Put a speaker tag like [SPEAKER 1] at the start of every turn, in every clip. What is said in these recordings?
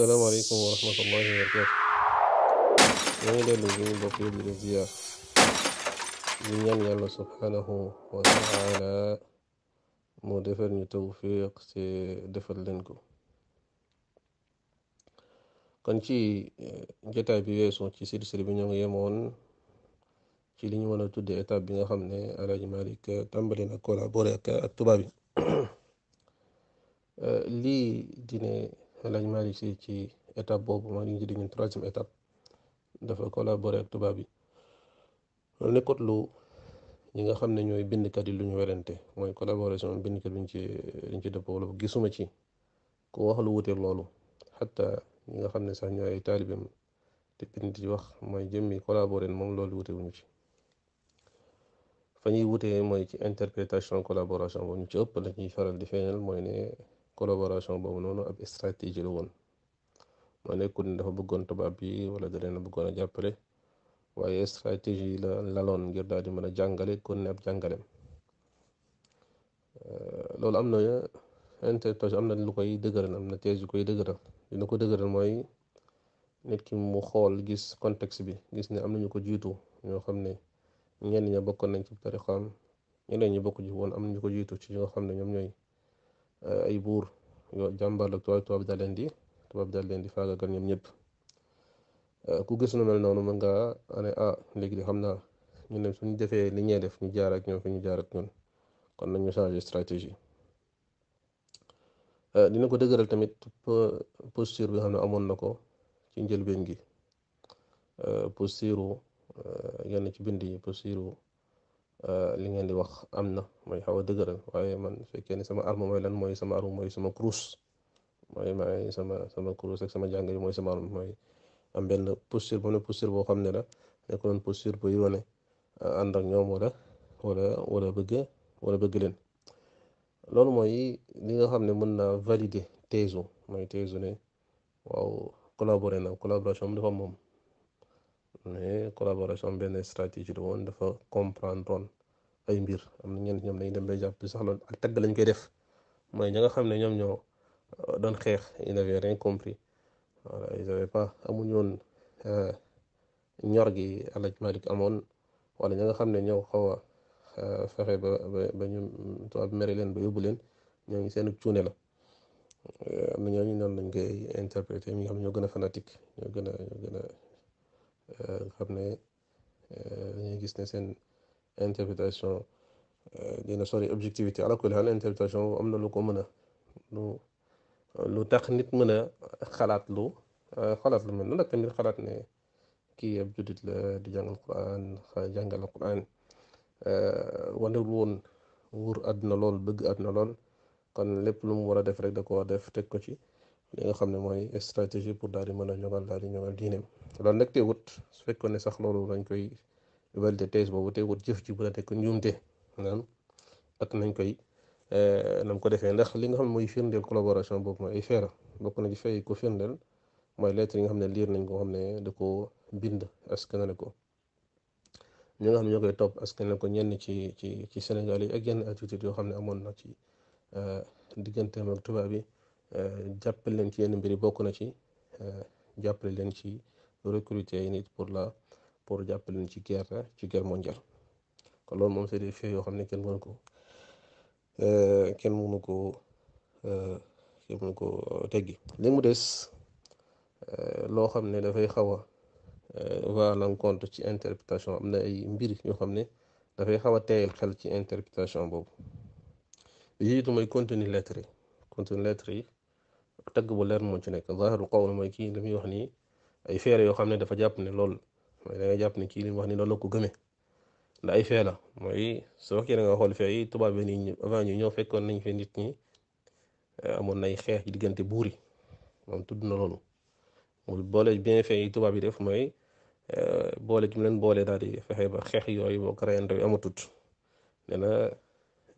[SPEAKER 1] السلام عليكم ورحمة الله وبركاته Ini lindungi Bapak Ibu Rupiah ya Allah subhanahu wa ta'ala Mu defal ñu tawfiq ci defal leen ko kon ci jotaay bi weesu ci silsile bi ñoo ngi yemoon ci li ñu mën a tudde étape lañ Malick ci ci étape boobu maa ngi ci digg troisième étape dafa collaboré ak tubaab yi loolu lu ñi nga xam ne ñooy bindkat yi lu ñu werante mooy collaboration bindkat bi ñu ci liñ ci dëppoo gisuma ci ko wax lu wuteeg loolu xatta ñi nga xam ne sax ñooy ay taalibeem te bind ci wax mooy jëmmi collaboré moom loolu wute wuñu ci fa ñuy wutee mooy ci interprétation collaboration boobu ñu ci ëpp la ñuy faral di feeñal mooy ne collaboration boobu noonu ab stratégie la woon moo nekkul ni dafa bëggoon tubaab yi wala da na bëggoon a jàppale waaye stratégie la laloon ngir daal di mën a jàngale kon ne ab jàngaleem euh, loolu am na interprétation am na lu koy dëgëral am na thèse yu koy dëgëral ko dëgëral mooy nit ki mu xool gis contexte bi gis ne am na ñu ko jiitu ñoo xam ne ñenn ña bokkoon nañ ci tariqaam ñeneen ñi bokk ji woon am na ñu ko jiitu ci ñoo xam ne ñoom ñoy Euh, ay buur yoo jàmbaar ak tubaab tubaab daal leen di tubaab daal leen di faagaagal ñoom ñëpp euh, ku gis nu mel noonu mën nga ah ne ah léegi di xam naa ñu ne suñu defee li ñuy def ñu jaar ak ñoom fi ñu jaar ak ñun kon nañu changer stratégie euh, dina ko dëgëral tamit posture bi nga xam ne amoon na ko ci njëlbeen gi posture yenn ci bind yi posture Euh, li ngeen di wax am na mooy xaw a dëgëral waaye man su fekkee ne sama arme mooy lan mooy sama arme mooy sama kurus mooy maay sama sama kurus ak sama jàngat mooy sama arme mooy am benn posture bu ne boo xam ne la nekkoon posture buy wane euh, ànd ak ñoom wala wala wala bëgg wala bëgg leen loolu mooy li nga xam ne mën na valider thèse mooy thèse ne waaw collaborer na collaboration dafa moom. mais collaboration benn stratégie la woon dafa comprendre woon ay mbir am na ñenn ñoom dañuy dem bay jàpp sax loolu ak tagg koy def mooy ña nga xam ne ñoom ñoo euh, doon xeex ils n'avaient rien compris voilà ils avaient pas amuñu woon euh, gi El Hadj amoon wala ña nga xam ne ñoo xaw a euh, fexe ba ba ñu tubaab mere leen ba yóbbu leen ñoo ngi seen cuune la am na ñooñu noonu lañ koy interpréter mi nga xam ñoo gën a fanatique ñoo gën a. xam ne euh, dañuy gis ne seen interprétation euh, dina sori objectivité ala kulli haal interprétation am na lu ko mën a lu lu tax nit mën a xalaat lu euh, xalaat lu mel noonu nag tamit xalaat ne kii ab juddit la di jàngal Qur'an jàngal Qur'an wanewul woon wóor àdduna lool bëgg na lool kon lépp lu war a def rek da ko def teg ko ci li nga xam ne mooy stratégie pour daal di mën a ñogal daal di ñogal nag te wut su fekkoon ne sax loolu lañ koy valider tes boobu te wut jëf ji bu la nekk njuumte maanaam ak nañ koy eh, nam ko defee ndax li nga xam ne mooy firndeel collaboration boobu mooy ay feera bokk na ci fay ko firndeel mooy lettre yi nga xam ne liir nañ ko xam ne da ko bind askanale ko ñi nga xam ne ñoo koy topp ko ñenn ci ci ci Sénégal yi ak yenn attitude yoo xam ne amoon na ci eh, digganteem ak tubaab yi jàppale leen ci yenn mbir yi bokk na ci euh, jàppale leen ci recruter yi nit pour la pour jàppale ci guerre ci guerre mondiale kon loolu moom c'est des faits yoo xam ne kenn mënu ko euh, kenn mënu ko euh, kenn ko teggi li mu des loo xam ne dafay xaw a va à l'encontre ci interprétation am na ay mbir yoo xam ne dafay xaw a teyal xel ci interprétation boobu li jiitu mooy contenu lettre yi contenu lettre yi ak tagg bu leer moo ci nekk zahiru qawl mooy kii li muy wax nii ay feere yoo xam ne dafa jàpp ne lool mooy da jàpp ne kii li wax ni loolu la ko gëmee ndax ay fee la mooy su fekkee yi tubaab yi nii avant ñu ñëw fekkoon nañ fi nit ñi eh, amoon nay xeex diggante buur yi moom tudd na loolu mu boole bien fait yi tubaab yi def mooy eh, boole ci mu leen boole daal di fexe ba xeex yooyu boo ko reyandoo amatut nee na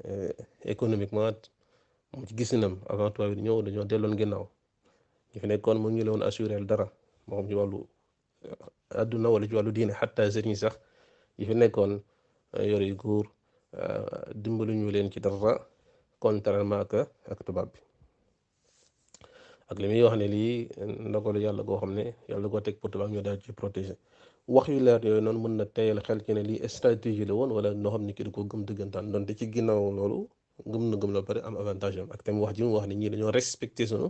[SPEAKER 1] eh, économiquement. mu ci gisinam avant tubaab yi di ñëw dañoo delloon ginnaaw ñu fi nekkoon mu ngi la woon assuré dara moo xam ci wàllu euh, àdduna walla ci wàllu diine xatta sëriñ sax yi fi nekkoon euh, yore yu góor euh, dimbalu ñu leen ci dara contrairement ak ak tubaab bi ak li muy wax ne lii ndogalu yàlla goo xam ne yàlla goo teg pour tubaab ñoo daal ci protéger wax yu leer yooyu noonu mën na teyal xel ci ne lii stratégie la woon wala noo xam ne ki di ko gëm dëggantaan donte ci ginnaaw loolu gëm na gëm la pare am avantage am ak tam wax ji mu wax ne ñii dañoo respecté sunu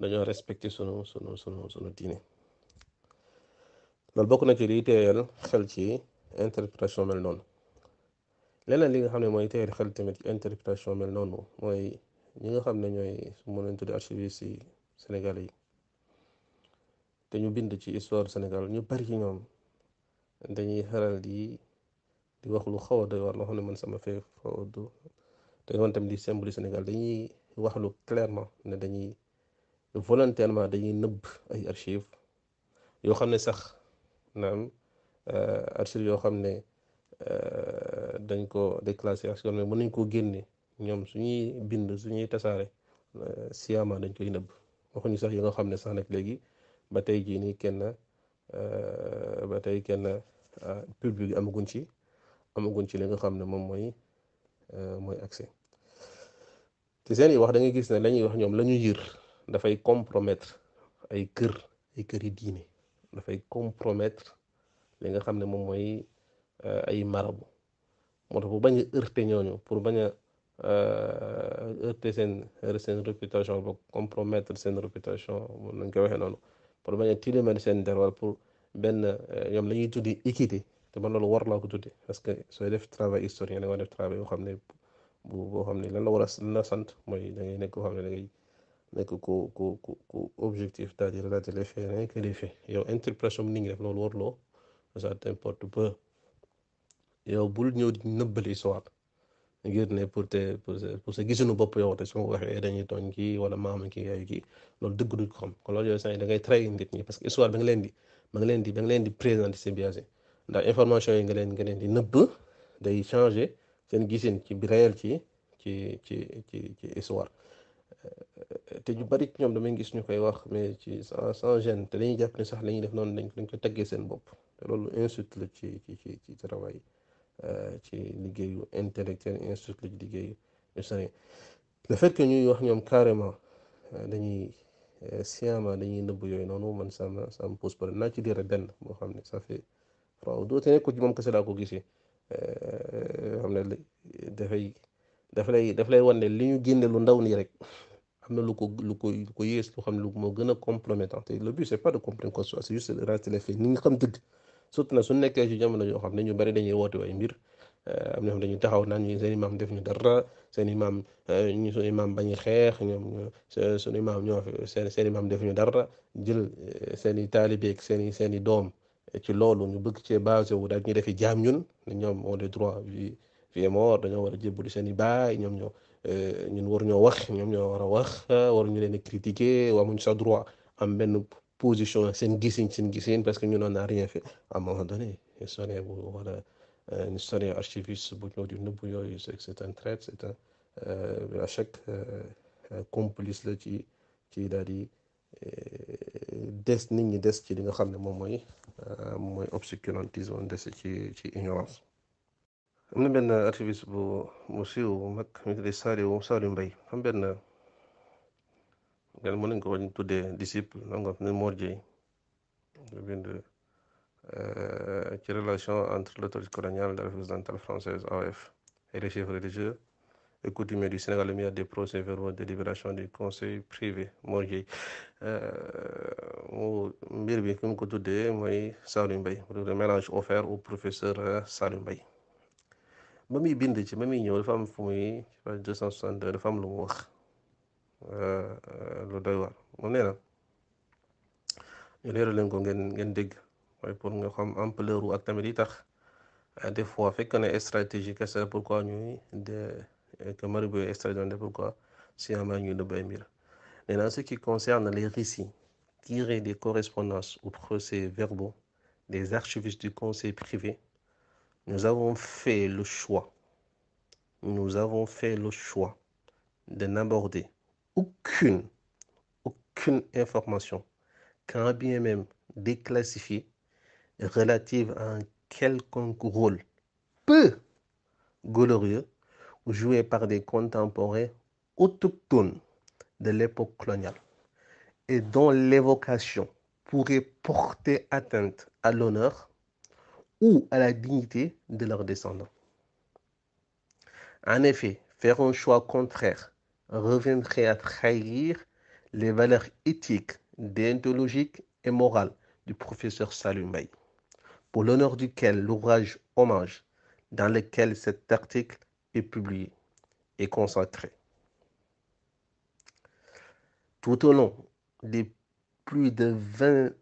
[SPEAKER 1] dañoo respecté sunu sunu sunu sunu diine loolu bokk na ci liy teeyal xel ci interprétation mel noonu leneen li nga xam ne mooy teeyal xel tamit ci interprétation mel noonu mooy ñi nga xam ne ñooy mën nañ tudde archiviste si Sénégal yi te ñu bind ci histoire Sénégal ñu bari ci ñoom dañuy xaral di di wax lu xaw a doy war loo xam ne man sama fee foo du te loolu tamit di symbole Sénégal dañuy wax lu clairement ne dañuy volontairement dañuy nëbb ay archives yoo xam ne sax naam euh, archives yoo xam ne euh, dañ ko déclassé archives mën nañ koo génne ñoom suñuy bind su ñuy tasaare euh, siama dañ koy nëbb waxuñu sax yi nga xam ne sax nag léegi ba tey jii nii kenn ba tey kenn public amaguñ ci amaguñ ci li nga xam ne moom mooy mooy accès ci seen i wax da ngay gis ne la ñuy wax ñoom lañuy ñu dafay compromettre ay kër ay kër yi diine dafay compromettre li nga xam ne moom mooy euh, ay marabu moo tax bu bañ a heurter ñooñu pour bañ a euh, heurter seen seen réputation ba compromettre seen réputation mun nañ ko waxee noonu pour bañ a tilimal seen der wala pour benn euh, ñoom la ñuy tuddi équité te man loolu war laa ko tuddi parce que sooy def travail historien da nga def travail yoo xam ne bu boo xam ne lan la war a sant mooy da nekk koo xam ne nekk ku ku ku ku objectif c'est-à-dire relater les faits rien que les faits yow interprétation bi ni ngi def loolu waruloo ça t'importe peu yow bul ñëw di nëbbali histoire ngir ne pour te pour sa gisunu bopp yow te su ma waxee dañuy tooñ kii wala maama kii kii loolu dëgg duñ xam kon loolu yooyu sax da ngay traiter nit ñi parce que histoire ba nga leen di ba nga leen di ba nga leen di présenter seen biais ndax information yi nga leen nga leen di nëbb day changer. seen gisin ci réel ci ci ci ci ci histoire euh, te ñu bari ñoom damay gis ñu koy wax mais ci sans sans te dañuy jàpp ne sax lañuy def noonu dañ dañ ko teggee seen bopp te loolu la ci ci ci ci travail euh, ci liggéeyu intellectuel insulte la ci liggéeyu historien le fait que ñuy wax ñoom carrément euh, dañuy siama dañuy nëbb yooyu noonu man sama sama pose par naa ci diir benn boo xam ne ça fait waaw doote ne ko ci moom kese ko gisee xam ne dafay daf lay daf lay li ñu génne lu ndaw nii rek am na lu ko lu ko lu ko yées lu xam ne lu moo gën a compromettant te le but c'est pas de comprendre quoi c'est juste de rester les xam dëgg surtout na su nekkee ci jamono yoo xam ne ñu bari dañuy woote ay mbir euh, seen imaam def ñu dara seen imaam euh, ñu seen imaam bañ xeex ñoom seen ñoo seen seen imaam def ñu dara jël euh, seen i seen i seen i doom ci loolu ñu bëgg cee basé wu daal ñu defi jaam ñoom ont droits yemoor dañoo war wara jébbalu seen i baay ñoom ñoo eh, ñun war ñoo wax ñoom ñoo war a wax war ñu leen a critiquer wamuñ sa droit am benn position seen gisin seen gisin parce que ñun on a rien fait à un moment donné historien bu wala euh, un historien archiviste bu ñëw di nëbb yooyu c'est c'est un traître c'est un euh, à chaque euh, complice la ci ci daal di des nit ñi des ci li nga xam ne moom mooy mooy obscurantisme des ci ci ignorance am na benn activiste bu mu siiw bu mag mi ngi tudd Saliou Saliou Mbaye am benn gan mën nañ ko wañ tuddee disciple nangam ne Mor Dieye bind euh, ci relation entre l'autorité coloniale de la République occidentale française AOF et les chefs religieux et coutumiers du Sénégal lumière des procès-verbaux de libération du conseil privé Mor Dieye euh, mu mbir bi ki mu ko tuddee mooy Saliou Mbaye le mélange offert au professeur euh, Saliou Mbaye ma muy bind ci ma muy ñëw dafa am fu muy je dafa am lu mu wax euh, euh, lu doy war moom nee na ñu leeral leen ko ngeen ngeen dégg waaye pour nga xam ampleur ak tamit yi tax euh, des fois fekk na stratégie kese pourquoi ñuy de que marabout yi stratégie pourquoi si amaa ñuy nëbb ay mbir nee ce qui concerne les récits tirés des correspondances ou procès verbaux des archivistes du conseil privé nous avons fait le choix, nous avons fait le choix de n'aborder aucune, aucune information, quand bien même déclassifiée, relative à un quelconque rôle peu glorieux joué par des contemporains autochtones de l'époque coloniale et dont l'évocation pourrait porter atteinte à l'honneur ou à la dignité de leurs descendants. En effet, faire un choix contraire reviendrait à trahir les valeurs éthiques, déontologiques et morales du professeur Salim pour l'honneur duquel l'ouvrage Hommage, dans lequel cet article est publié, est concentré Tout au long des plus de 20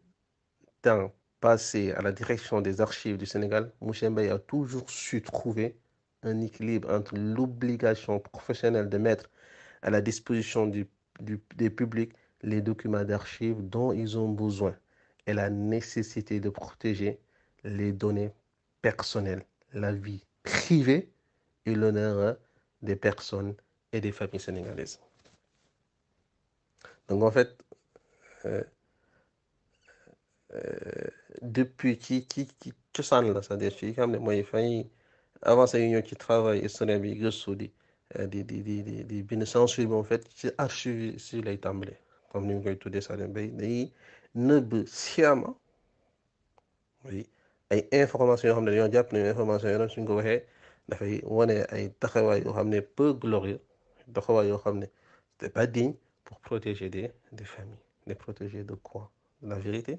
[SPEAKER 1] ans passé à la direction des archives du Sénégal, Mouchembe a toujours su trouver un équilibre entre l'obligation professionnelle de mettre à la disposition du, des publics les documents d'archives dont ils ont besoin et la nécessité de protéger les données personnelles, la vie privée et l'honneur des personnes et des familles sénégalaises. Donc en fait, euh, euh, depuis qui qui qui qui la euh, cest à en fait comme oui information peu glorieux pas digne pour protéger des des familles les protéger de quoi de la vérité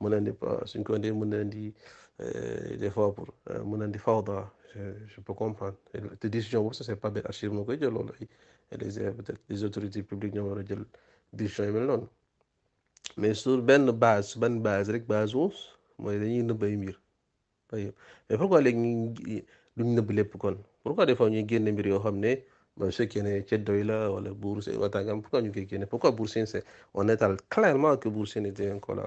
[SPEAKER 1] mën na indi suñ ko indee mën na indi eh, des fois pour euh, mën na indi fawda je peux comprendre te décision boobu ça c'est pas bien archive moo koy jël loolu ay les peut-être les autorités publiques ñoo war a jël décision yi mel noonu mais sur benn base benn base rek base onze mooy dañuy nëbb ay mbir mais pourquoi léegi ñu duñ nëbb lépp kon pourquoi des fois ñuy génne mbir yoo xam ne ba su fekkee ne ceddo la wala bourse seen waxtaan pourquoi ñu koy génne pourquoi bourse seen c'est on étale clairement que bourse n'était encore là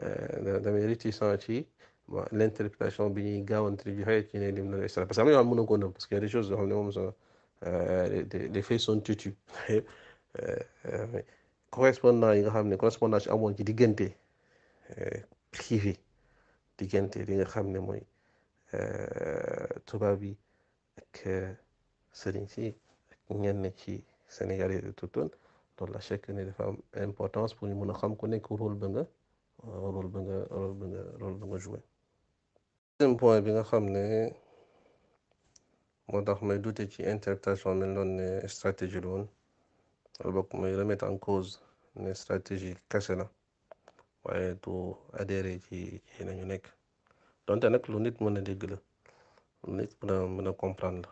[SPEAKER 1] damay ci sant ci l' interprétation bi ñuy gaawante di joxe ci ne lim na Isra parce que am na yoo xam ne ko nëb parce que y a des choses yoo xam ne moom sax les euh, faits sont têtus euh, euh, correspondant yi nga xam ne correspondance amoon ci diggante privé diggante li nga xam ne mooy tubaab yi ak sëriñ si ak ñenn ci Sénégal yi tuutoon loolu la chaque ne dafa am importance pour ñu mën a xam ku nekk rôle ba nga. rôle bi nga rôle bi nga rôle bi nga point bi nga xam ne moo tax may douter ci interprétation mel noonu ne stratégie la woon wala bokk may remettre en cause ne stratégie kese na waaye du adhérer ci ci nañu nekk donte nag lu nit mën a dégg la lu nit mën a comprendre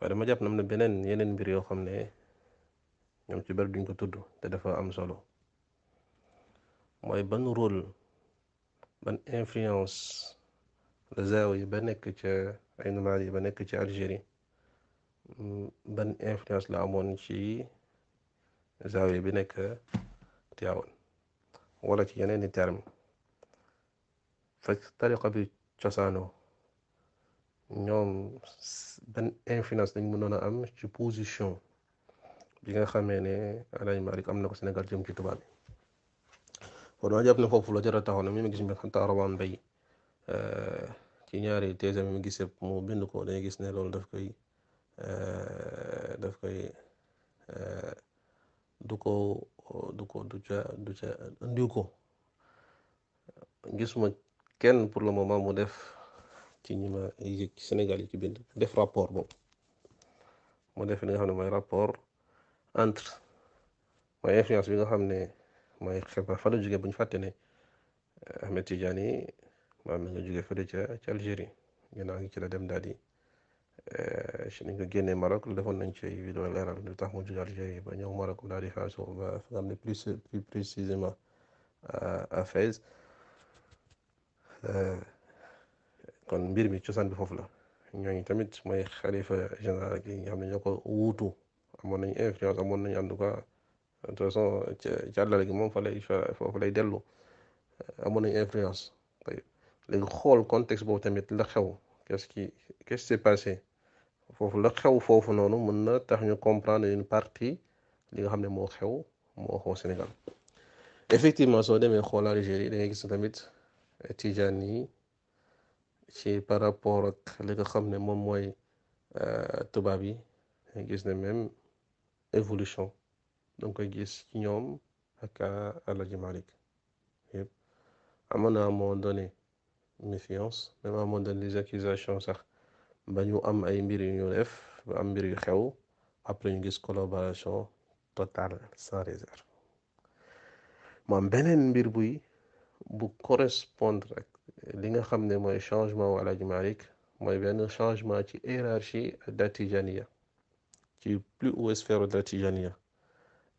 [SPEAKER 1] la waaye dama jàpp na mun na beneen yeneen mbir yoo xam ne ñoom ci bari duñ ko tudd te dafa am solo mooy ban rôle ban influence la zaawiya ba nekk ca Aynu Maadi ba nekk ca Algérie ban influence la amoon ci zaawiya bi nekk Tiwaawan wala ci yeneen i terme fa tariqa bi cosaanoo ñoom ban influence lañ mënoon a am ci position bi nga xamee ne Alaaji Maalik am na ko Sénégal jëm ci tubaab bi Fadoua jàpp na foofu la jar a taxaw ne mi ngi gis mbir xataa rawaan bay eh, ci ñaari teesam mi gis yëpp mu bind ko gis ne loolu daf koy eh, daf koy eh, du ko du ko du ca du ca andiw kenn pour le moma mu def ci ñi ma Sénégal yi ci bind def rapport boobu mu def li nga xam ne mooy rapport entre mooy influence bi nga xam ne. mooy xibaar fa la jóge buñ fàtte ne eh, Ahmed Tidiane maam mi nga jóge fële ca ca Algérie ginnaaw gi ci la dem daal di eh, si nañ ko génnee Maroc defoon nañ ci vidéo tax mu jóge Algérie ba ñëw Maroc daal di Fès ba fa nga xam ne plus plus précisément eh, à Fès kon mbir mi cosaan bi foofu la ñooñu tamit mooy xalifa général gi nga xam ñoo ko wuutu amoon nañ influence amoon nañ en tout de toute façon càllale gi moom fa lay foofu lay dellu amoon nañu influence léegi xool contexte boobu tamit la xew qu'est-ce qui qu'est-ce qui s'est passé foofu la xew foofu noonu mën na tax ñu comprendre une partie li nga xam ne moo xew moo xew Sénégal effectivement soo demee xool Algérie da ngay gis tamit tijaan yi ci par rapport ak li nga xam ne moom mooy euh, tubaab yi gis ne même évolution donc koy gis ci ñoom ak Alaji Malik yëpp amoon na à donné méfiance même à un donné des accusations sax ba ñu am ay mbir yu ñu def ba am mbir yu xew après ñu gis collaboration totale sans réserve mu am beneen mbir buy bu correspondre ak li nga xam ne mooy changement wu Alaji Malik mooy benn changement ci hiérarchie de ci plus haute sphère de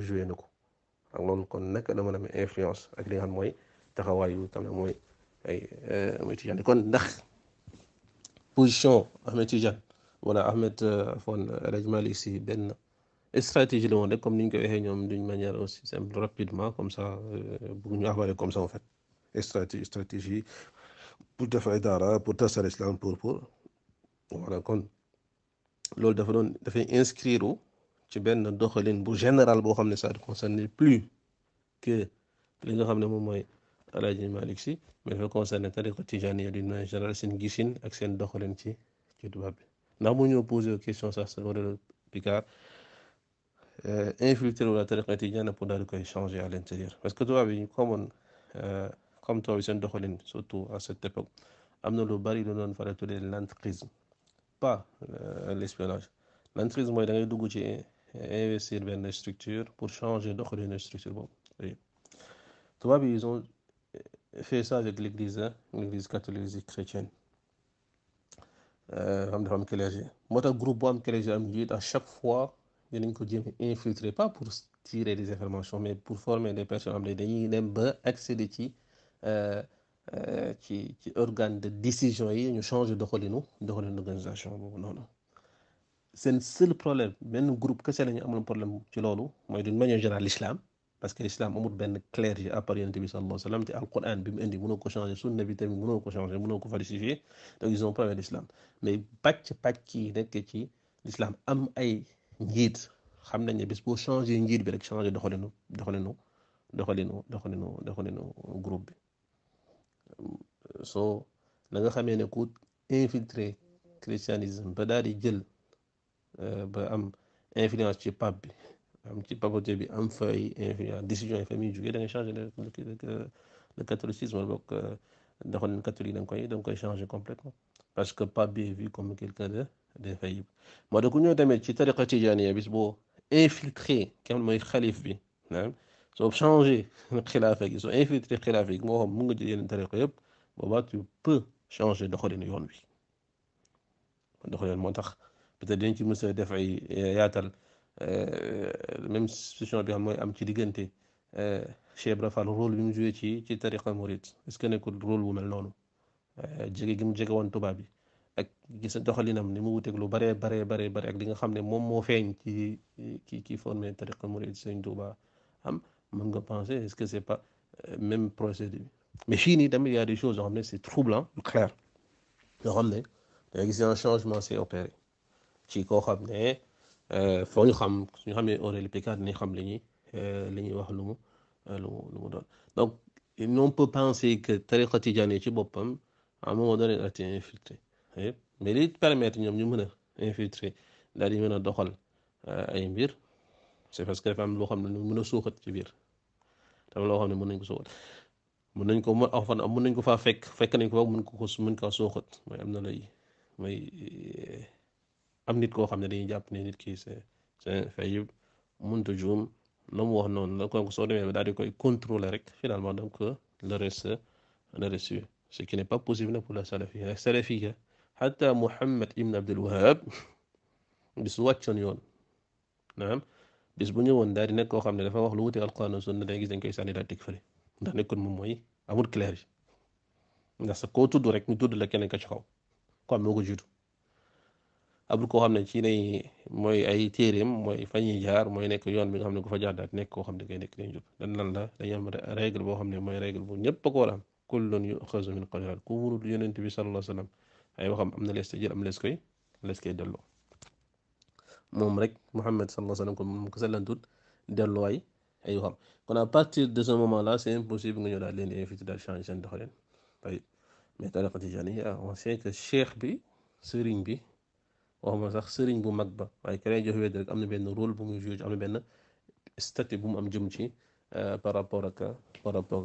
[SPEAKER 1] joué na ko ak loolu kon naka dama mën influence ak li nga xam mooy taxawaay yu tam ne mooy ay euh, Ahmed Tidiane kon ndax position Ahmed tijan wala Ahmed euh, fon El Hadj Malick benn stratégie la woon rek comme ni ñu ko waxee ñoom d'une manière aussi simple rapidement comme ça euh, bëgg ñu avaler comme ça en fait stratégie stratégie pour defar daara pour tasar islam pour pour voilà kon loolu dafa doon dafay inscrire ci benn doxalin bu général boo xam ne ça ne concerne plus que li nga xam ne moom mooy El Hadj Malick Sy mais dafa concerné tariqa tijaniya d'une manière générale seen gisin ak seen doxalin ci ci tubaab bi ndax mu ñëw posé question sax sa war Picard euh, infiltré wu la tariqa tijaniya pour daal di koy changer à l'intérieur parce que tubaab yi comme xamoon euh, comme tubaab yi seen doxalin surtout à cette époque am na lu bari lu doon faral tuddee l'entrisme pas euh, l'espionnage l'entrisme mooy da ngay dugg ci et investir dans les structures pour changer d'autres les structures. Bon, oui. ils ont fait ça avec l'église, hein, l'église catholique, chrétienne. Euh, Moi un groupe qui a clergé à chaque fois ne ko pas infiltrer pas pour tirer des informations mais pour former des personnes qui ont accès ba accéder ci euh, euh, ci de décision yi nous changer doxalinu seen seul problème benn groupe kese la ñu amul problème ci loolu mooy d'une manière générale l'islam parce que l'islam amul benn clair à part yonent bi sallallahu alayhi wa sallam te alquran bi mu indi mënoo ko changer sunna bi tamit mënoo ko changer mënoo ko falsifier donc ils ont problème l'islam mais pàcc-pàcc yi nekk ci l'islam am ay njiit xam nañ ne bis boo changer njiit bi rek changer doxalinu doxalinu doxalinu doxalinu doxalinu groupe bi so na nga xamee ne ku infiltrer christianisme ba daal di jël euh, ba am influence ci pape bi am ci papauté bi am fay influence décision yi fa muy jugee da ngay le le catholicisme donc boog euh, catholique dang koy dang koy changé complètement parce que pape bi est vu comme quelqu'un de d'infaillible moo da ku ñëw tamit ci tariqa tijaaniya bis infiltré kam le xalif bi non, soo changé le gi soo infiltré xilaafa gi moo mu nga jël yeneen tariqa yeb boobaa tu peux changer doxalin yoon bi doxalin motax peut-être dañ ci mës a def ay euh, yaatal euh, même situation bi xam mooy am ci euh Cheikh Ibra rôle bi mu joué ci ci tariqa Mouride est-ce que nekul rôle wu mel noonu euh, jege gi mu jege won Touba bi ak gis doxalinam ni mu wuteeg lu baree baree baree bare ak li nga xamné mom mo moo ci ki ki formé tariqa Mouride Sëñ Touba am mën nga penser est-ce que c'est pas même procédé mais fini tamit il y a des choses yoo xam ne c'est troublant clair yoo xam da gis un changement s'est opéré ci koo xam ne foo ñu xam ñu xam ne le pécat ni xam liñi euh liñi wax lu mu lu mu lu mu doon donc on peut penser que tariqa tijani ci bopam à un moment donné a été infiltré mais li permettre ñom ñu mëna infiltré daal di mëna doxal ay mbir c'est parce que fam am loo xam ne lu mën a ci bir dafa lo xamne ne mën ko soxat mën nañ ko mën aw fan mën nañ ko fa fekk fekk nañ ko fa mën ko mën ko soxat moy am na lay mooy am nit koo xam ne dañuy jàpp ne nit ki c'est c'est faillible muntu juum na mu wax noonu la donc soo demee daal di koy contrôler rek finalement donc le reste le reste ce qui n'est pas possible pour la salafi la salafia حتى محمد ibn عبد الوهاب bis wàccoon yoon naam bis bu ñëwoon daal di nekk koo xam ne dafa wax lu wuti alquran sunna day gis dañ koy sànni daal teg fële ndax nekkoon moom mooy amul clair yi ndax sa koo tudd rek ñu tudd la keneen ka ci xaw kon moo ko jiitu abdul ko xamne ci lay moy ay téréem moy fa jaar moy nek yoon bi nga xamne ko fa jaar daal nekk koo xam ne kay nekk dañ jub dan lan la dañu am règle bo xamne moy règle bu ñëpp ko la a am kullun yuxazu min qadar ku wurul yonent bi sallallahu alayhi wasallam ay waxam amna les te jël am les koy les koy delo mom rek Muhammad sallallahu alayhi wasallam ko moom kese lan tut delloo ay ay waxam kon à partir de ce moment là c'est impossible nga ñu dal leen invité dal changer sen doxalen tay mais tariqa tijaniya on sait que cheikh bi serigne bi waxuma sax sëriñ bu mag ba waaye ki lay jox rek am na benn role bu muy joué am na benn statut bu mu am jëm ci euh, par rapport ak par rapport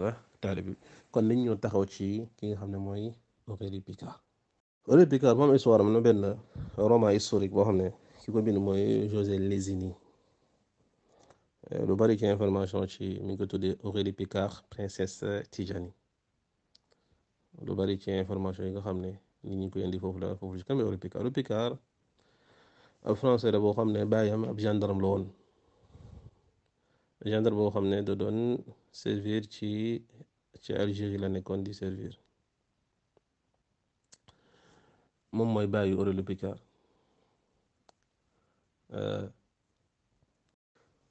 [SPEAKER 1] bi kon nañ ñoo taxaw ci ki nga xam ne mooy Aurélie Picard Aurélie Picard moom histoire am na benn roman historique boo xam ne ki ko bind mooy José Lésini euh, lu bari ci information ci mi ngi ko tuddee Aurélie Picard princesse Tijani lu bari ci information yi nga xam ne nit ñi ko indi foofu la foofu ci kan Aurélie Picard Aurélie Picard ab français la boo xam ne baayam ab gendarme la woon gendarme boo xam ne da doon servir ci ci Algérie la nekkoon di servir moom mooy baayu Aurélie Picard euh,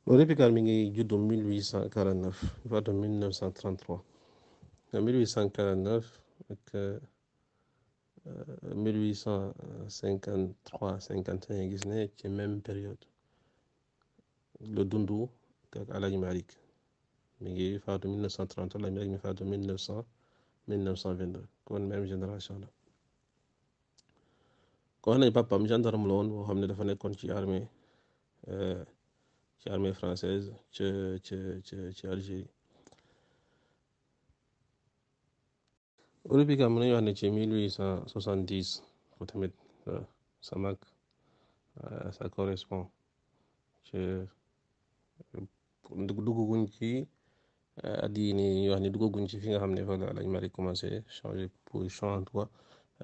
[SPEAKER 1] Aurélie Picard mi ngi juddu 1849 faatu 1933 1949 ak 1853 1951 c'est la même période le à ak numérique. Malik mi ngi de 1930 la Malik mi faatu 1900 1922 la même génération Quand ko wax pas papam gendarme on woon boo dafa ci armée euh, ci armée française ci ci ci Algérie olympique am nañu wax ne ci mille huit cent soixante dix ko euh, tamit sa mag ça correspond ci dugguñ ci at yii nii ñuy wax ni dugguñ ci fi nga xam ne fa la lañ mari commencé changer position en tout cas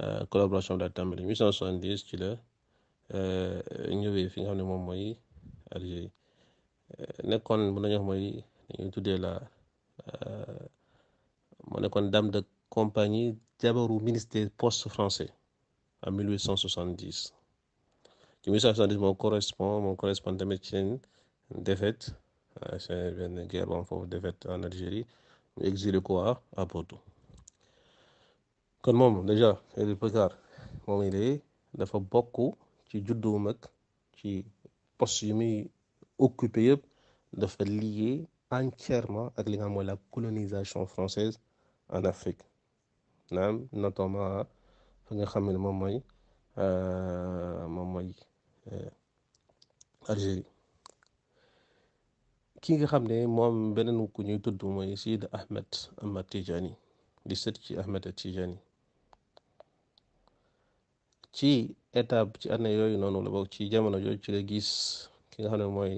[SPEAKER 1] euh, collaboration daal tàmbali mille cent soixante dix ci la euh, fi nga xam ne moom mooy Algérie nekkoon bu nañu wax moy dañuy tuddee la moo nekkoon dam de compagnie jabaru ministère des postes français en 1870 En 1870 mon correspondant, mon correspondant de médecine, défaite euh, c'est une guerre bu fait en Algérie exilé quoi à Porto Comme moi, déjà il y a des il il y a beaucoup ci poste qui muy occupé qui dafa lié entièrement avec la colonisation française en Afrique naam natoo ma fa nga xam ne moom mooy euh, moom mooy euh, Algérie ki nga xam ne moom beneen ku ñuy tudd mooy Sidi Ahmed Ahmed Tijani di sët ci Ahmed Tijani ci étape ci année yooyu noonu la bokk ci jamono yooyu ci la gis ki nga xam ne mooy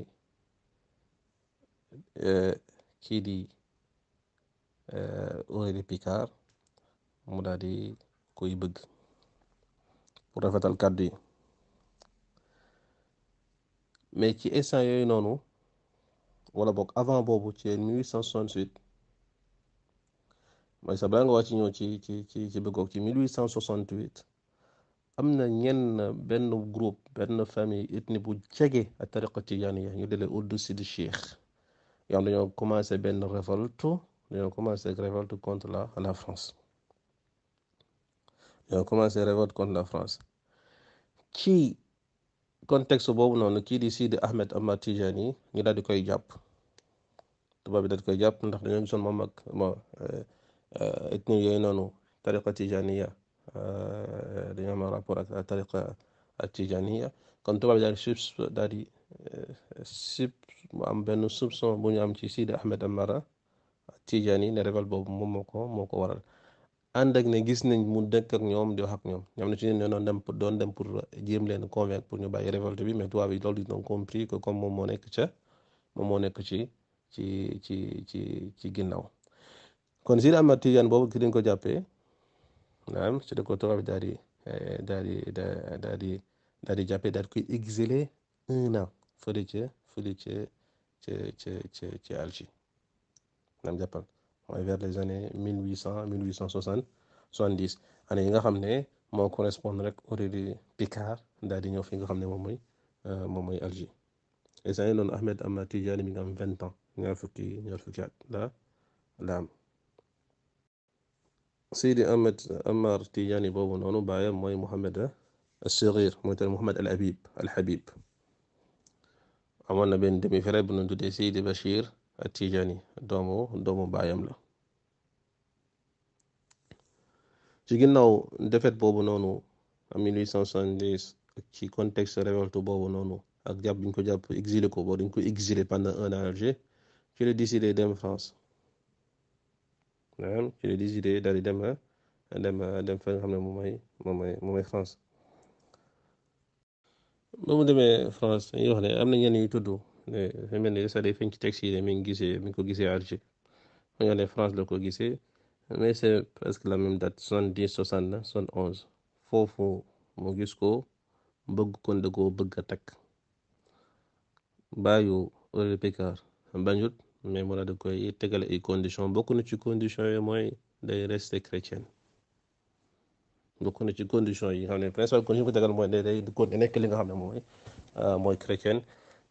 [SPEAKER 1] euh, kii di Aurélie Picard mu daal koy bëgg pour rafetal kàddu mais ci instant yoy noonu wala bok avant bobu ci 1868 mais sax balaa ci ñëw ci ci ci ci bëggoog ci 1868 amna ñen ben groupe ben famille ethnie bu jege ak tariqa tijaaniya ñu delee uddu si di cheikh yoo dañu commencé ben révolte dañu commencé révolte contre la la France ils ont commencé révolte contre la France Qui, contexte boobu noonu kii qui décide Ahmed Ahmad Tijani il ñu daal di koy jàpp tubaab bi daal di koy jàpp ndax dañoo gisoon moom ak mo ethnie yooyu noonu tariqa tijaniya dañoo am rapport ak tariqa tijaniya kon tubaab bi daal di daal di sib mu am benn soupçon bu ñu am ci Sidi Ahmed Amara Tijani ne révolte boobu moom moo ko moo ko waral ànd ak ne gis nañ mu dëkk ak ñoom di wax ak ñoom ñoom na ci ñun ñoo doon dem pour doon dem pour euh, jéem leen convaincre pour ñu bàyyi révolte bi mais tubaab yi loolu ils ont compris que comme moom moo nekk ca moom moo nekk ci ci ci ci ci ginnaaw kon si Ahmad Tidiane boobu ki dañ ko jàppee naam ci da ko tubaab yi daal di eh, daal di daal di daal di jàppee daal di koy exilé un an fële ca fële ca ca ca ca ca Alger naam jàppal mooy vers les années huit cent mille huit cent soixante soixante dix année yi nga xam ne moo correspondre rek Aurélie Picard daal di ñëw fi nga xam ne moom mooy euh, moom mooy Alger les années noonu Ahmed Ahmad Tidiane mi nga am vingt ans ñaar fukki ñaar fukki at la la am Seydi Amar Tidiane boobu noonu baayam mooy Mohamed As-Saghir mooy tamit Mohamed Al Habib Al Habib amoon na benn demi-frère bu ñu tuddee Seydi Bachir. Tijaani domo domo bayam la ci ginnaw defet bobu noonu en 1870 ci contexte révolte bobu noonu ak jàpp bi ko japp exilé ko bo dañ ko exilé pendant un an Alger ci le décidé dem France naam ci le décidé daal di dem dem dem fa nga xam ne moom mooy moom mooy France ba mu France dañuy wax né amna na ñenn yu tudd dafa mel ni c'est-à-dire fi ñu mi ngi gisee mi ngi ko gisee Alger mu nga ne France la ko gisee mais c'est presque la même date soixante dix soixante neuf soixante onze foofu mu gis ko bëgg kon da koo bëgg a takk bàyyu Aurélien Picard bañut mais mu ne da koy tegale ay condition bokk na ci condition yi mooy day rester chrétienne bokk na ci condition yi nga xam ne principal condition ko tegal mooy day day nekk li nga xam ne mooy euh, mooy chrétienne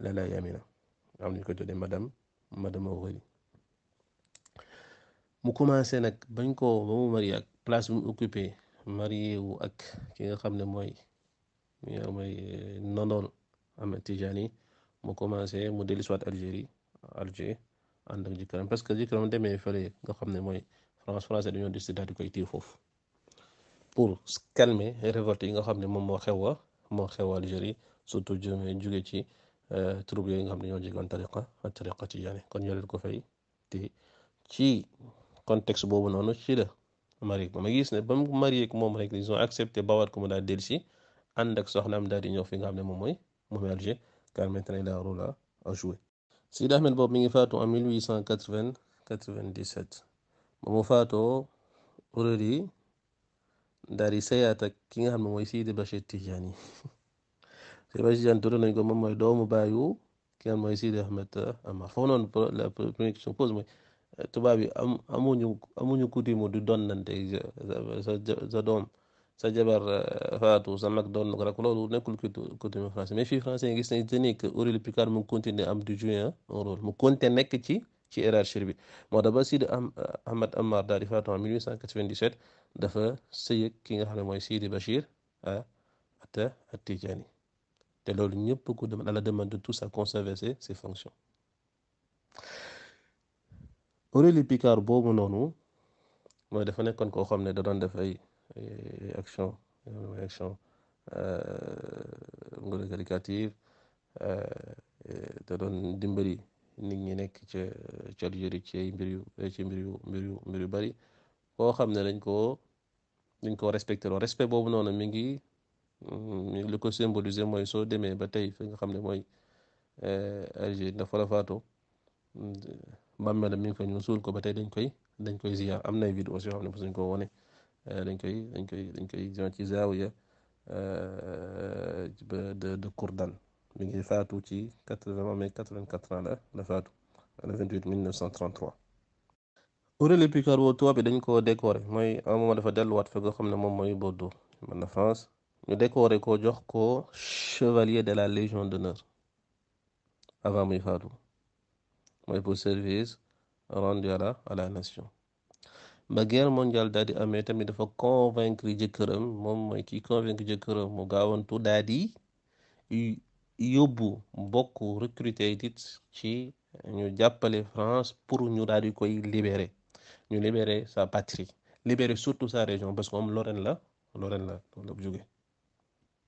[SPEAKER 1] Lala Yamina, am madame madame Aurélie mu commencé nak bañ ko place occupée mu occupé marié wu ak ki nga xamné moy mooy mooy euh, nondool Tijani mu commencé soit Algérie Alger parce que nga ne France français décidé pour calmer révolte yi nga xamné mom Mon Algérie surtout تروب يي غام نيو جي غان طريقه الطريقه تي يعني كون يالي كو فاي تي تي كونتكست بوبو نونو تي لا ماريك ما غيس ني بام ماريك موم ريك لي زون اكسبتي باور كوم دا ديلسي اندك سوخنام دا دي نيو في غام نيو موي الجي كار مينتن لا رولا ا سيد احمد بوب مي فاتو 1897 مو فاتو اوريدي داري سياتك كي غام موي سيدي يعني Cheikh Baye Tidiane Touré nañ ko moom mooy doomu baayu kenn mooy Sidi Ahmed euh, Amar foofu noonu la première question mooy euh, tubaab yi am amuñu amuñu coutume du donnante sa sa doom sa jabar euh, faatu sa mag doon ko rek loolu nekkul coutume français mais fii français gis nañ te ni que Aurélie Picard mu continuer am du juin mu continuer nekk ci ci hiérarchie bi moo tax ba Sidi Ahmed Amar daal di faatu en 1897 dafa sëy ki nga xam ne mooy Sidi Bachir ah Atta Elle a la demande tous à conserver ses fonctions Aurélie Picard moi, dafa ne da doon def ay action action euh, euh, da doon dimbali nit ñi nekk bari respect Mm, li ko symbolise mooy soo demee ba fi nga xam eh, la mm, mi ngi fa ñu suul ko ba dañ koy dañ koy ziar suñ ko eh, dañ koy dañ koy dañ koy ci eh, de de Kourdane mi ngi faatu ci quatre la quatre-vingt-quatre ans la la faatu le 1933. Aurélie Picard bi dañ décoré à un moment France ñu décoré ko jox ko chevalier de la légion d'honneur avant muy faatu mooy pour service rendu à la à la nation ba guerre mondiale daal di amee tamit dafa convaincre jëkkëram moom mooy ki convaincre jëkkëram mu gaawantu daal di yóbbu beaucoup recruter dit ci ñu jàppale France pour ñu daal di koy libérer ñu libérer sa patrie libérer surtout sa région parce que moom Lorraine la Lorraine la loolu la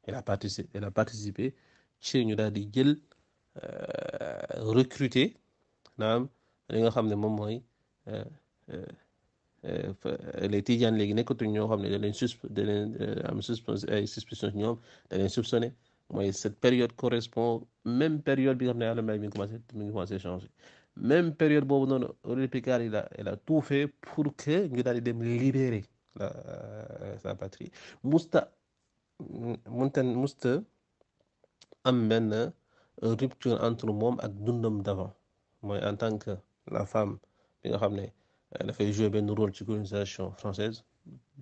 [SPEAKER 1] elle a participé, elle a participé ci di euh, recruter naam li nga xamné mom moy euh, euh, les euh les ñoo Elle da leen susp suspens ay suspicion soupçonné cette période correspond même période bi nga mi changé même période elle il a il a tout fait pour que ñu libérer la sa patrie musta munte musta am benn rupture entre moom ak dundam d'avant mooy en tant que la femme bi nga xam ne euh, dafay jouer benn rôle ci colonisation française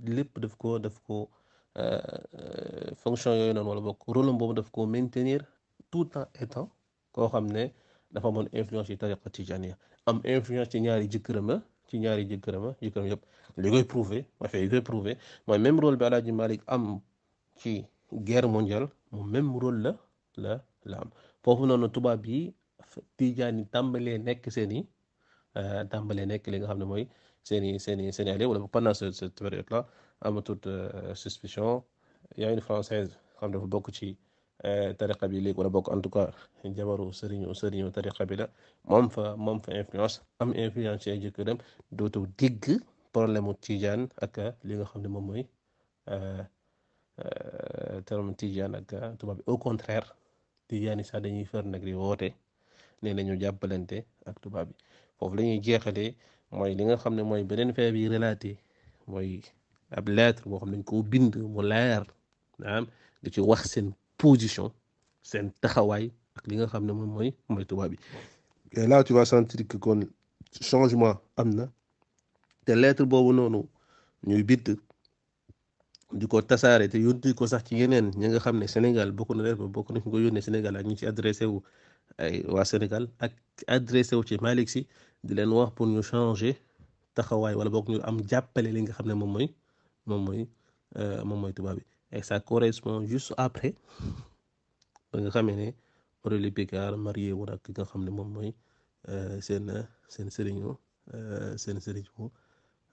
[SPEAKER 1] lépp daf ko daf ko euh, euh, fonction yooyu noonu wala bokk rôle am boobu daf ko maintenir tout en étant koo xam ne dafa amoon influence ci tariqa tijania am influence ci ñaari jëkkërama ci ñaari jëkkërama jëkkëram yëpp li koy prouver ma fay li koy prouver mooy même rôle bi Alaaji Malik am ci guerre mondiale mu même rôle la la la am foofu noonu tubaab yi tiijaan yi tàmbalee nekk seeni i euh, tàmbalee nekk li nga xam ne mooy seeni seeni seen i seen i alliés wala pendant cette période là amatut euh, suspicion yaa une française xam dafa bokk ci euh, tariqa bi léegi wala bokk en tout cas jabaru sëriñu sëriñu tariqa bi la moom fa moom fa influence am influence ci ay jëkkëram dootoo digg problème tiijaan ak li nga xam ne moom mooy Euh, terme tijaan ak euh, tubaab bi au contraire tijaan yi sax dañuy fër nag di woote nee nañu jàppalante ak tubaab bi foofu la ñuy jeexalee mooy li nga xam ne mooy beneen feeb yi relaté mooy ab lettre boo xam ne dañ koo bind mu leer naam ci wax seen position seen taxawaay ak nga xam ne moom mooy mooy tubaab bi et là tu vas changement am na te lettre boobu noonu ñuy bind diko tassare te yónni ko sax ci yenen ñi nga xam ne Sénégal bokk na leen bokk na fi ko yone Sénégal ak ñu ci adressé wu ay wa Sénégal ak adressé wu ci Malick Sy di len wax pour ñu changer taxaway wala boog ñu am jappelé li nga xam mom moy mom moy euh mom moy tuba bi et ça correspond juste après ba nga xamee ne Aurélie Picard marié wu nak nga xam mom moy mooy euh, sen seen sëriñu euh, seen sëriñ bu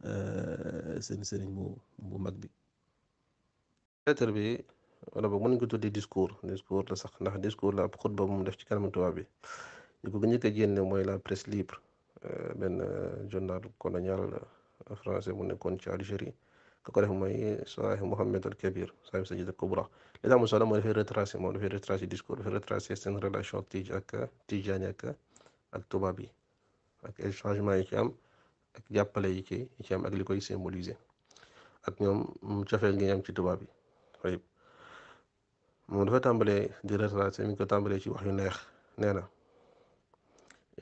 [SPEAKER 1] euh, seen sëriñ bu bu mag bi. lettre bi wala boog mën nañ ko tuddee discours discours la sax ndax discours la ab xutba moom def ci kanamu tubaab bi ñu ko njëkk a génne mooy la presse libre euh, benn euh, journal colonial euh, français bu nekkoon ci Algérie ka ko def mooy Sahih Mohammed al Kabir Sahih Sajid al Kubra li tax mu solo moo dafay retracé moom dafay retracé discours dafay retracé seen relation ak tijaani ak ak tubaab yi ak changement yi ci am ak jàppale yi ci yi ak li koy symboliser ak ñoom cofeel gi ñu am ci tubaab yi ayib moom dafa tàmbalee di retracer mi ngi ko tàmbalee ci wax yu neex nee na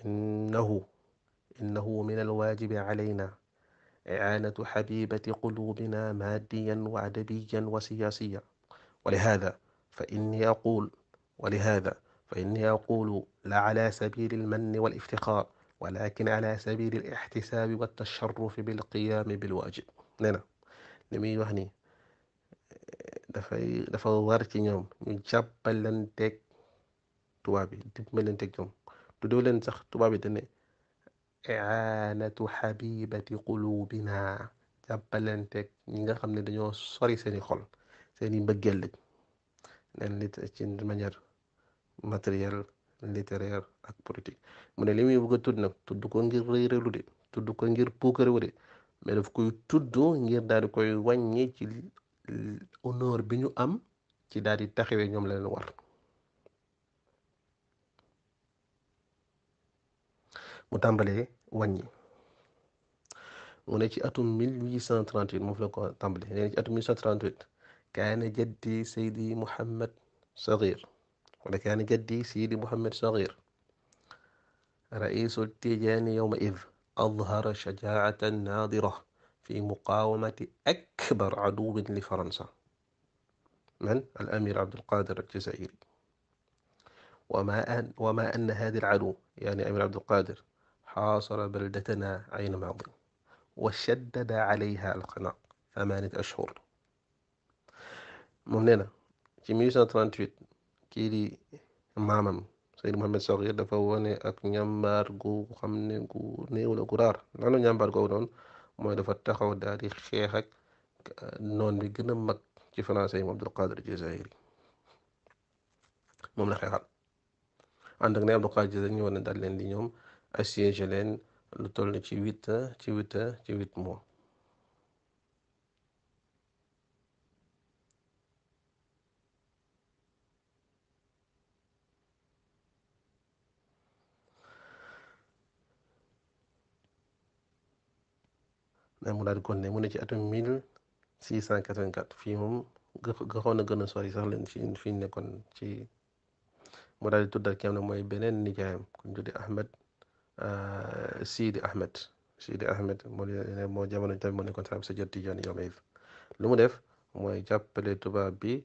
[SPEAKER 1] innahu innahu min alwaajibi alayna إعانة حبيبة قلوبنا ماديا وأدبيا وسياسيا ولهذا فإني أقول ولهذا فإني أقول لا على سبيل المن والافتخار ولكن على سبيل الاحتساب والتشرف بالقيام بالواجب نعم لمي وهني dafay dafa war ci ñoom ñu jàppalanteeg tubaab yi dimbalanteeg ñoom du leen sax tubaab yi dane iaanatu xabibati qulubina jàppalanteeg ñi nga xam ne dañoo sori seeni xol seeni mbëggeel lañ leen lit ci manière matériel ak politique mu ne li muy bëgg tudd nag tudd ko ngir rëy de tudd ko ngir puukarewu de mais daf koy tudd ngir daal di koy wàññi honneur bi ñu am ci daal di taxawee ñoom la leen war mu tàmbalee wàññi mu ne ci atum 1838 moom la ko tàmbalee nee na ci atum 1838 kaana jaddi saydi muhammad sagir wala kaana jaddi saydi muhammad sagir raisul tijaani yowma id adhara shajaatan naadira في مقاومة أكبر عدو لفرنسا من؟ الأمير عبد القادر الجزائري وما أن, وما أن هذا العدو يعني أمير عبد القادر حاصر بلدتنا عين ماضي وشدد عليها القناع ثمانية أشهر ممننا في 1938 كيلي مامم سيد محمد صغير دفعوني أك نيامبار خمني قو نيولا قرار لأنه نيامبار جو mooy dafa taxaw daal di xeex ak euh, noon bi gën a mag ci français yi moom Abdul Qadir Jazairi moom la xeexal ànd ak ne Abdul Qadir Jazairi ñëwoon na daal leen di ñoom assiégé leen lu toll ci huit ci huit ci huit mois mu daal di ne mu ne ci atum mil six cent quatre-vingt-quatre fii moom gaxoon na gën a sori sax leen fi fi ñu nekkoon ci mu daal di tuddal ki am ne mooy beneen nijaayam ku ñu tuddi Ahmed euh, Sidi Ahmed Sidi Ahmed moo ne moo jamono tamit sax sa jot Tijaan yow may lu mu def mooy jàppale tubaab bi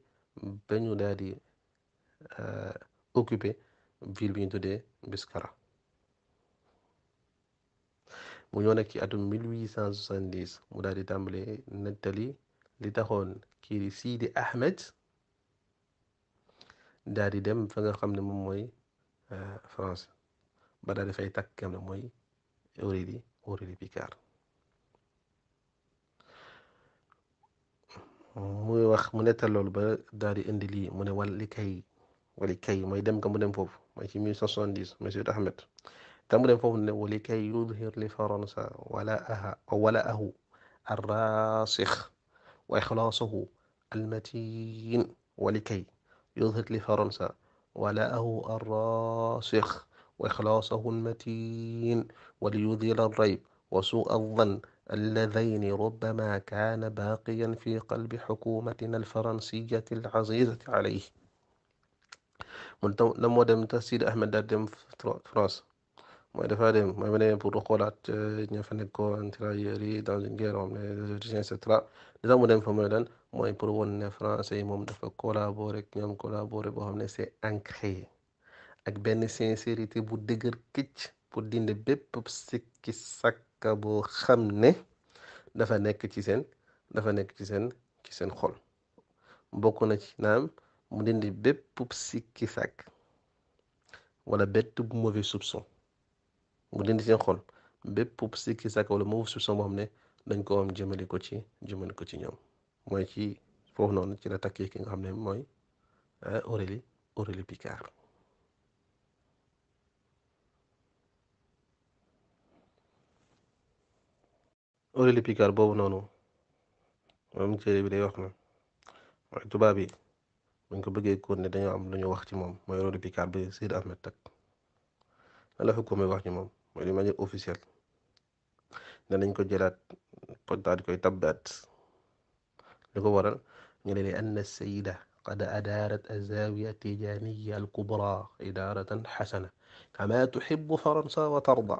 [SPEAKER 1] ba ñu daal di euh, bi ñu tuddee Biskra mu ñëw nag ci atum 1870 mu daal di tàmbale nettali li taxoon kii di Sidi Ahmed daal di dem fa nga xam ne moom mooy euh, France ba daal di fay takk kam ne mooy Aurélie Aurélie Picard muy wax mu nettal loolu ba daal di indi mu ne wàlli kay wàlli kay mooy dem ka mu dem foofu mooy ci 1870 monsieur Ahmed تمر تمرين ولكي يظهر لفرنسا ولاءها أو ولاءه الراسخ وإخلاصه المتين ولكي يظهر لفرنسا ولاءه الراسخ وإخلاصه المتين وليذيل الريب وسوء الظن اللذين ربما كان باقيا في قلب حكومتنا الفرنسية العزيزة عليه لم ودم تسيد أحمد دم فرنسا mooy dafa dem mooy ma ne pour xoolaat euh, ña fa nekkoon tirailleurs yi dans une guerre moom les Autrichiens et cetera mu dem fa mooy lan mooy pour won ne français yi moom dafa collaborer ak ñoom collaborer boo xam ne c'est ancré ak benn sincérité bu dëgër këcc pour dindi bépp sikki sàkka boo xam ne dafa nekk ci seen dafa nekk ci seen ci seen xol bokk na ci naam mu dindi bépp sikki sàkk wala bépp mauvais soupçon mu dindi seen xol bépp sikki sàkk wala moof soupçon boo xam ne dañ ko am jëmale ko ci jëmale ko ci ñoom mooy ci foofu noonu ci la takk ki nga xam ne mooy Aurélie Aurélie Picard boobu noonu moom téere bi day wax na waaye tubaab yi buñ ko bëggee koon ne dañoo am lu ñu wax ci moom mooy Aurélie Picard bi Sidi Ahmed Takk la la xukkumi wax ci moom mooy de manière officielle danañ ko jëlaat ko daal di koy tabbaat li ko waral ñu ne li an sayida قد أدارت الزاوية التيجانية الكبرى إدارة حسنة كما تحب فرنسا وترضى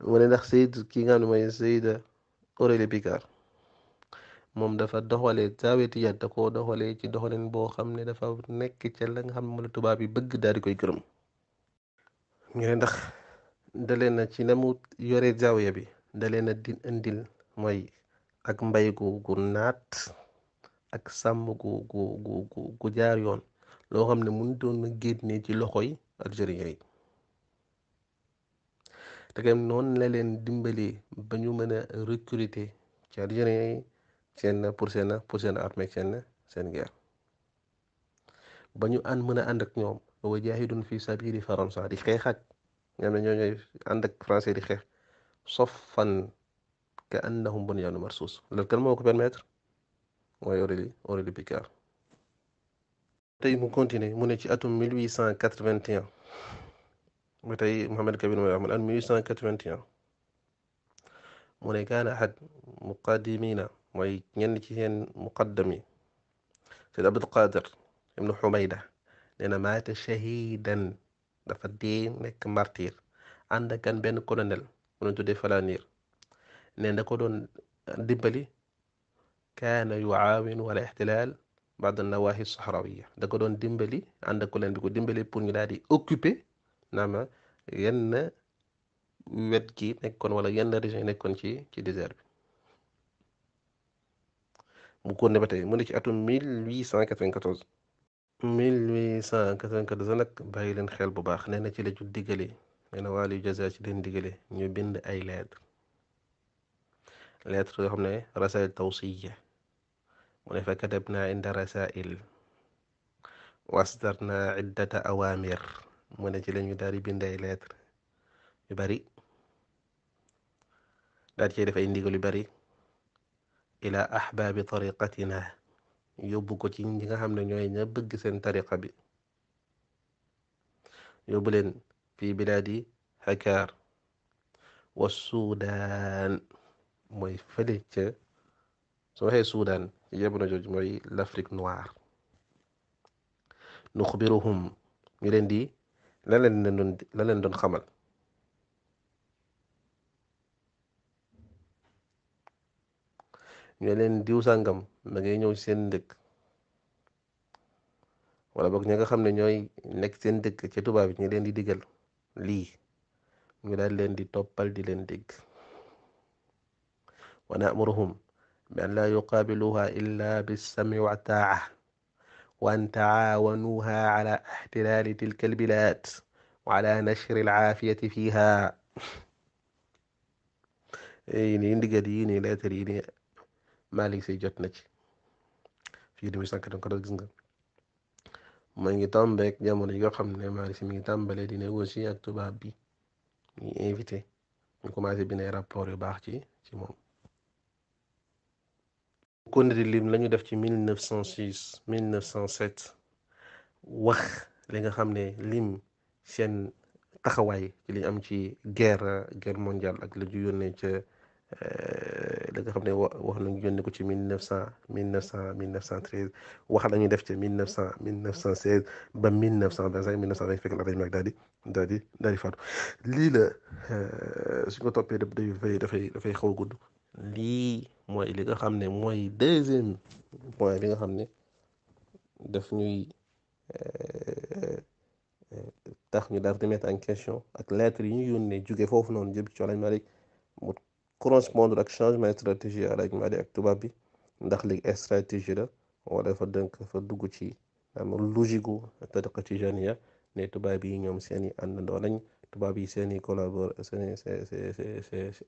[SPEAKER 1] من ndax سيد كي nga moy سيدة أوريلي بيكار moom dafa doxalee zaawiya tijaan da koo doxalee ci doxalin boo xam ne dafa nekk ca la nga xam ne moom la tubaab yi bëgg daal di koy gërëm ñu ne ndax dalee na ci na mu yore jaawiya bi dalee na di indil mooy ak mbay gu gu naat ak sàmm gu gu gu gu jaar yoon loo xam ne mun doon na génne ci loxoy algérien yi te kam noon la leen dimbali ba ñu mën a recruter ci algérien yi seen pour seen pour seen armée seen seen guerre ba ñu ànd mën a ànd ak ñoom وجاهد في سبيل فرنسا دي خيخك يعني عندك فرنسي دي خيخ صفا كأنهم بنيان مرصوص للكلمة وكبير متر ويوريلي أوريلي بيكار تي مو كونتيني مو نتي أتوم 1881 متي محمد كبير ما يعمل 1881 مو نتي كان أحد مقدمينا مو نتي يعني مقدمي سيد عبد القادر ابن حميده نينا مات شهيدا دا فا دين نيك مارتير عند كان بن كولونيل مون تودي فلانير نينا كو دون ديمبالي كان يعاون ولا احتلال بعض النواحي الصحراويه دا كو دون ديمبالي عند كولين بيكو ديمبالي بور ني دادي اوكوبي نعم ين ويت كي نيكون ولا ين ريجين نيكون تي تي ديزير مو كون نباتاي مون تي اتوم 1894 1895 bàyyi leen xel bu baax nee ci la ju digale nee na waaliyu jaza ci leen digale ñu bind ay lettre lettre yoo xam rasail tawsiya mu ne fa katabnaa inda rasail wasdarna iddata awamir mu ne ci la ñu bind ay lettre yu bari daal cee def ay ndigal yu bari ila ahbaabi tariqatina yóbbu ko ci ñi nga xam ne ñooy ña bëgg seen tariqa bi yóbbu leen fii biladi Hakaar wa Suudaan mooy fële ca su waxee Suudaan ci jamono jooju mooy l'Afrique noire nu xbiruhum ñu leen di la leen doon leen doon xamal ñu leen diw sàngam da ngay ñëw seen dëkk wala boog ñi nga xam ne ñooy nekk seen dëkk ca tubaab bi ñu leen di digal lii ñu daal leen di toppal di leen dégg wa na'muruhum bi an laa yuqaabiluha illa bis-sam'i wa taa'a wa an ta'aawanuha ala ihtilaali tilka al-bilaad wa ala al-aafiyati fiiha yi nii ndigal yi nii leetar yi Malick Sy jot na ci fii di 1894 gis nga mu ngi tombeek jamono yi nga xam ne Malick Sy mi ngi tàmbale di négocier ak tubaab bi invité commencé bind ay rapport yu baax ci ci moom kon lim lañuy def ci 1906 1907 wax li nga xam ne lim seen taxawaay li am ci guerre guerre mondiale ak li ju yónnee ca li nga xam ne wax nañu yónni ko ci mille neuf cent mille neuf cent mille neuf cent treize wax nañu def ci mille neuf cent mille neuf cent seize ba mille neuf cent vingt cinq mille neuf cent vingt fekk la dañu mag daal di daal di daal di faatu lii la suñ ko toppee dafay dafay dafay xaw gudd lii mooy li nga xam ne mooy deuxième point bi nga xam ne daf ñuy tax ñu daal di mettre en question ak lettre yi ñu yónnee jóge foofu noonu jëm ci Malick mu correspondre ak changement stratégie alaaj Maalik ak tubaab bi ndax léegi stratégie la wala fa dënk fa dugg ci am logique gu tariqa tijaaniya ne tubaab yi ñoom seen i àndandoo lañ tubaab yi seen i collabor seen i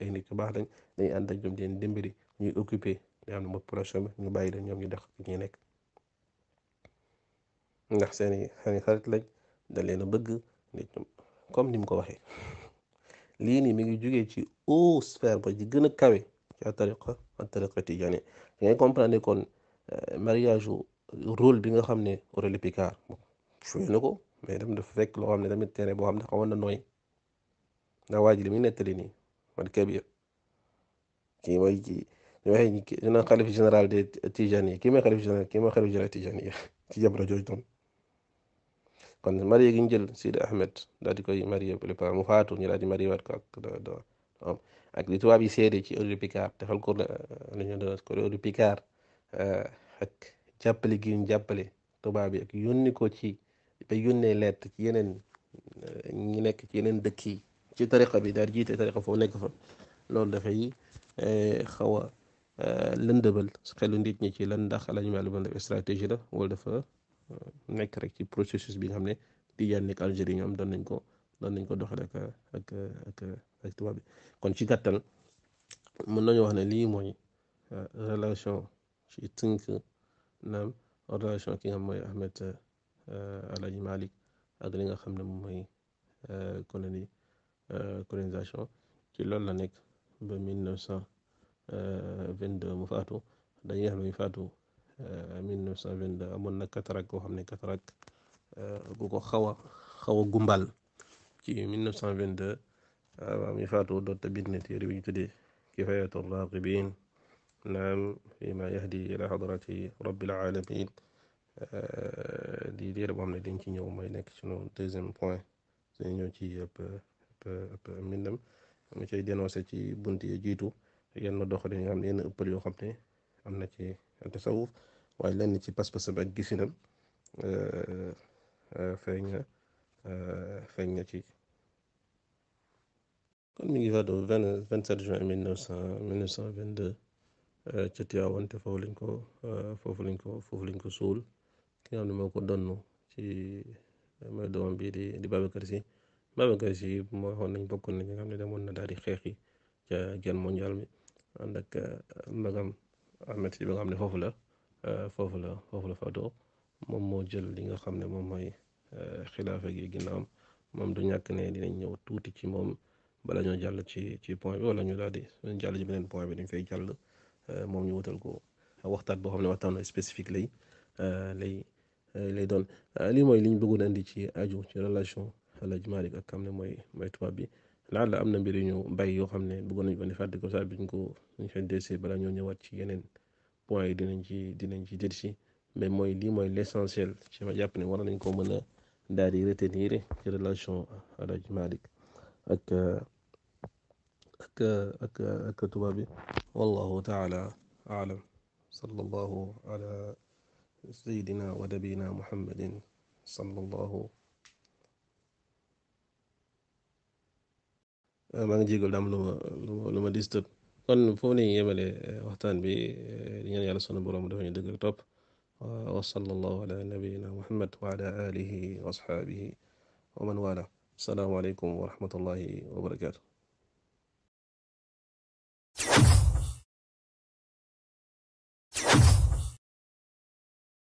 [SPEAKER 1] ay nit yu baax lañ dañuy ànd ak ñoom di leen dimbali ñuy occupé li am na mooy population bi ñu bàyyi leen ñoom ñu dex fi ñuy nekk ndax seen i seen i xarit lañ dañ leen a bëgg nit ñoom comme ni mu ko waxee lii nii mi ngi jugee ci haute sphère ba ji gën a kawe ci tariqa ak tariqa tijaani da ngay comprendre kon euh, mariage rôle bi nga xam ne Aurélie Picard joué na ko mais dem dafa fekk loo xam ne tamit terrain boo xam ne xawoon na nooy ndax waa ji li muy nettali nii man Kabir kii mooy kii ñu waxee ñu naan xalif général des Tijani kii mooy xalif général kii mooy xalif général Tijani ci jamono jooju noonu kon marié gi ñu jël Sidi Ahmed daal di koy marié Pulipar mu faatu ñu daal di marié waat ko tubaab yi seede ci Aude Picard defal ko li ñu doon ko Aude eh, ak jàppale gi ñu jàppale tubaab yi ak yónni ko ci ba yónnee lett ci yeneen eh, ñi nekk ci yeneen dëkk yi ci tariqa bi daal jiite tariqa foofu nekk fa loolu dafay eh, xaw a lëndëbal xelu nit ñi ci lan ndax lañu mel ban stratégie la wala dafa. nekk rek ci processus bi nga xam ne Tijaan nekk Algérie ñoom doon nañ ko doon nañ ko doxale ak ak ak ak tubaab bi kon ci gàttal mën nañu wax ne lii mooy euh, relation ci tënk naam relation ki nga xam mooy Ahmed Alhaji euh, Malick ak li nga xam ne moom mooy euh, coloni colonisation ci loolu la nekk ba mille neuf cent vingt-deux mu faatu dañuy xam ne faatu 1922 amoon na katarak koo xam ne katarak gu ko xaw a xaw a gumbal ci 1922 waaw mi faatu doon ta bind téere bi ñu tuddee kifayatu raqibin naam fi ma yahdi ila hadrati rabbil alamin di téere boo xam ne dañ ci ñëw mooy nekk sunu deuxième point suñu ñëw ci ëpp ëpp ëpp mbindam mu cay dénoncé ci bunt yi jiitu yenn doxalin yoo xam ne yenn ëppal yoo xam ne am na ci tasawuf waaye lenn ci pas-pasam ak gisinam euh, euh, euh, feeñ na feeñ na ci kon mi ngi fàddu vingt sept juin mil neuf cent mille neuf cent vingt deux ca Tivaouane te foofu lañ ko foofu lañ ko foofu lañ ko suul ki nga xam ne moo ko donnu ci mooy doomam bii di di Babacar Sy Babacar Sy moo xoon nañ bokkoon na ñi nga xam ne demoon na daal di xeex yi ca guerre mondiale bi ànd ak magam Ahmed Sy ba nga xam ne foofu la فوفو لا فوفو لا فادو موم مو جيل ليغا خامني موم ماي خلافه جي غيناام موم دو نياك ني دينا نييو توتي سي موم بالا نيو جال سي سي بوين ولا نيو دادي سون جال سي بنين بوين بي دين في جال موم نيو ووتال كو وقتات بو خامني وقتان سبيسيفيك لي لي لي دون لي موي لي نبغون اندي سي اديو سي ريلاسيون point dinañ ci dinañ ci jël ci mais moy li moy l'essentiel ci ma jàpp ne war nañ ko mëna dal di retenir ci relation Alaj Malik ak ak ak ak tuba bi wallahu taala alam sallallahu ala على سيدنا ونبينا محمد صلى الله maa ngi jégal daam lu ma lu ma disturb kon foofu la ñuy yemale waxtaan bi di ñaan yàlla sunu borom dafa ñu dëgg top wa sallallahu ala nabiyina muhammad wa ala alihi wa ashabihi wa man wala assalamu alaykum wa rahmatullahi wa barakatuh